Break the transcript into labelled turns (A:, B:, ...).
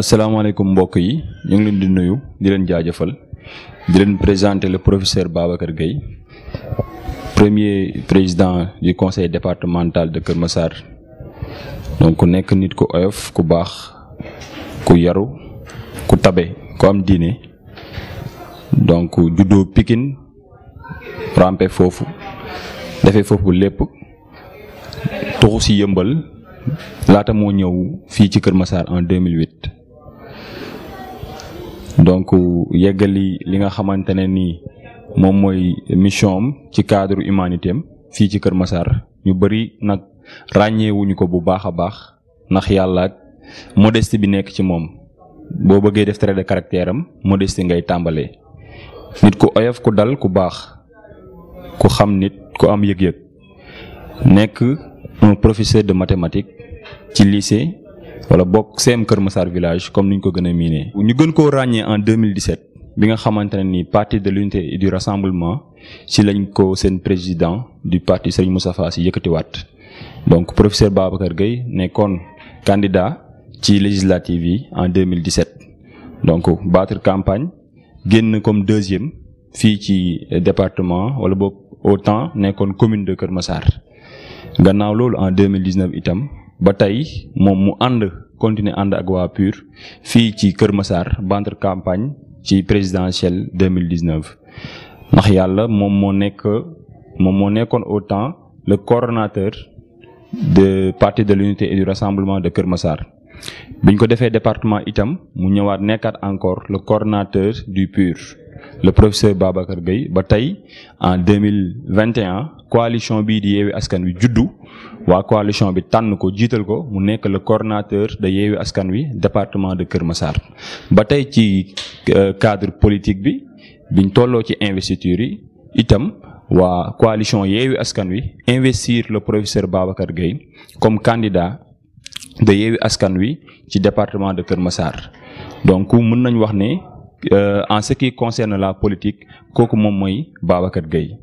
A: asalaamaaleykum mbokk yi ñu ngi leen di nuyu di leen jaajëfal di leen présenté le professeur kër Gueye premier président du conseil départemental de Kër Massar donc ku nekk nit ku oyof ku baax ku yaru ku tabe ku am diine donc juddoo Pikine rampe foofu defee foofu lépp tuxu si yëmbal laata moo ñëw fii ci Kër Massar en 2008 donc yëggali li nga xamante ne nii moom mooy mission ci cadre humanité fii ci Kër Massar ñu bëri nag ràññeewuñu ko bu baax a baax ndax yàlla ak modestie bi nekk ci moom boo bëggee def trait de caractère am modestie ngay tàmbalee. nit ku oyof ku dal ku baax ku xam nit ku am yëg-yëg nekk un professeur de mathématiques ci lycée. wala le CM keur Massar village comme nous nous ko gëna a ñu gën en 2017 bi nga xamante ni parti de l'unité et du rassemblement ci lañ ko sen président du parti Serigne Moustapha yëkëti Watt. donc professeur Babacar Gueye nekkoon candidat ci législative en 2017 donc battre campagne génn comme deuxième fi ci département wala bok autant temps commune de keur Massar gannaaw lool en 2019 itam. Bataille, mon moom mu ànd continuer ànd PUR fii ci Kermassar, Massar de campagne ci présidentielle 2019 ndax yàlla moom moo nekk moom moo le coordinateur de parti de l'unité et du rassemblement de Kër Massar biñ ko defee département itam mu ñëwaat encore le coordinateur du PUR le professeur Babacar Gueye en 2021 coalition de di yeewi askan wi coalition bi tànn ko jiital ko mu le coordinateur de yeewi askan wi département de Keur Massar ba ci euh, cadre politique bi biñ tolo ci investiture yi itam wa coalition yeewi askan wi investir le professeur Babacar Gueye comme candidat de yeewi askan wi ci département de Keur Massar donc mën nañ wax Euh, en ce qui concerne la politique kooku moom mooy Babacar Gueye